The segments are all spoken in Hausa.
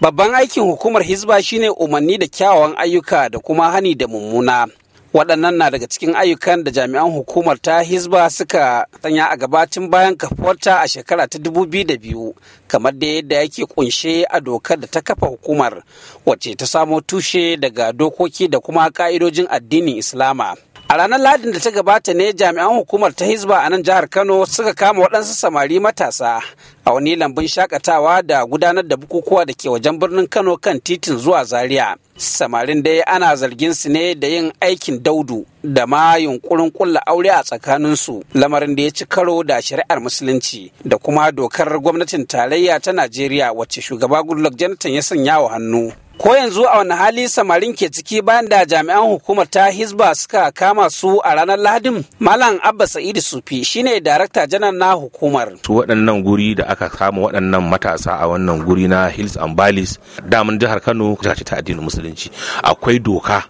Babban aikin hukumar Hizba shine umarni da kyawawan ayyuka da kuma hani da mummuna. Waɗannan na daga cikin ayyukan da jami'an hukumar ta Hizba suka sanya a gabatin bayan kafuwarta a shekara ta dubu biyu da biyu kamar da yadda yake kunshe a dokar da ta kafa hukumar wacce ta samo tushe daga dokoki da kuma ka'idojin addinin Islama. A ranar Ladin da ta gabata ne jami'an hukumar ta Hizba a nan jihar Kano suka kama waɗansu samari matasa a wani lambun shakatawa da gudanar da bukukuwa da ke wajen birnin Kano kan titin zuwa Zaria. Samarin dai ana zargin su ne da yin aikin daudu da ma yunkurin kulla aure a tsakaninsu lamarin da ya ci karo da shari'ar musulunci da kuma dokar gwamnatin tarayya ta Najeriya wacce shugaba Goodluck Jonathan ya sanya wa hannu. ko yanzu a wani hali samarin ke ciki bayan da jami'an hukumar ta hisba suka kama su a ranar lahadin malam abba sa'idu sufi shine darakta janar na hukumar su waɗannan guri da aka kama waɗannan matasa a wannan guri na hills and valleys daman jihar kano jihar ta addinin musulunci akwai doka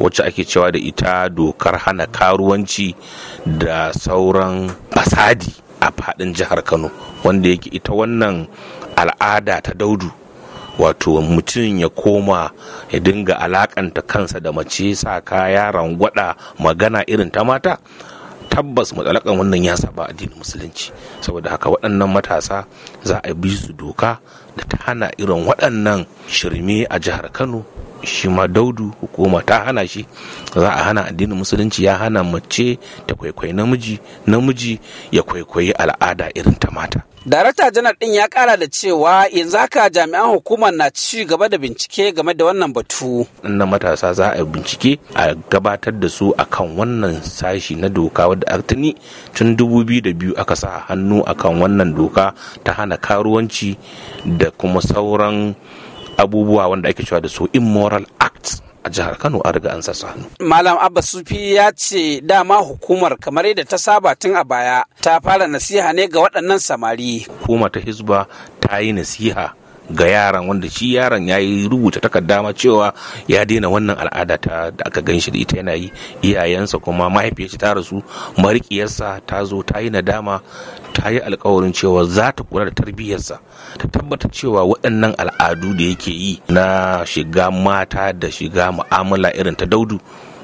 wacce ake cewa da ita dokar hana karuwanci da sauran fasadi a faɗin jihar kano wanda yake ita wannan al'ada ta daudu wato mutum ya koma ya dinga alakanta kansa da mace sa kaya rangwada magana irin ta mata tabbas matsalakan wannan ya saba addinin musulunci saboda haka waɗannan matasa za a bi su doka da ta hana irin waɗannan shirme a jihar kano shi ma daudu hukuma ta hana shi za a hana addinin musulunci ya hana mace ta kwaikwayi namiji namiji ya kwaikwayi al'ada irin ta mata darakta janar din ya kara da cewa yanzu haka jami'an hukumar na ci gaba da bincike game da wannan batu na matasa za a bincike a gabatar da su akan wannan sashi na doka wadda artini tun da biyu aka sa hannu akan wannan doka ta hana karuwanci da kuma sauran abubuwa wanda ake cewa da su immoral acts a jihar Kano a riga an sassa hannu. Malam Abba Sufi ya ce dama hukumar kamar yadda ta saba tun a baya ta fara nasiha ne ga waɗannan samari. Hukumar ta Hizba ta yi nasiha ga yaran wanda shi yaran ya yi rubuta takarda ma cewa ya daina wannan al'ada ta da aka gan shi da ita yana yi iyayensa kuma mahaifiyarsa ta rasu marikiyarsa ta zo ta yi nadama ta yi alkawarin cewa za ta kula da tarbiyyarsa ta tabbata cewa waɗannan al'adu da yake yi na shiga mata da shiga mu'amala irin ta daudu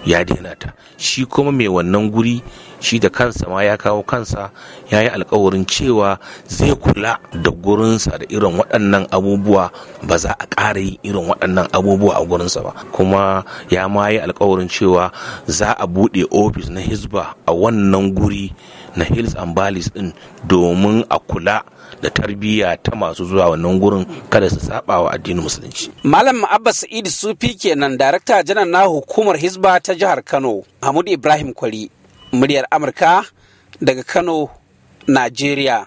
ya daina ta shi kuma mai wannan guri shi da kansa ma ya kawo kansa ya yi alkawarin cewa zai kula da gurinsa da irin waɗannan abubuwa ba za a ƙara yi irin waɗannan abubuwa a gurinsa ba kuma ya ma yi alkawarin cewa za a buɗe ofis na hisba a wannan guri na hills and valleys din domin a kula da tarbiyya ta masu zuwa wannan gurin kada su saba wa addinin musulunci. Malam Abbas Sa'id Sufi kenan darakta janar na hukumar Hisba ta jihar Kano, Hamud Ibrahim Kwari, muryar Amurka daga Kano, Najeriya.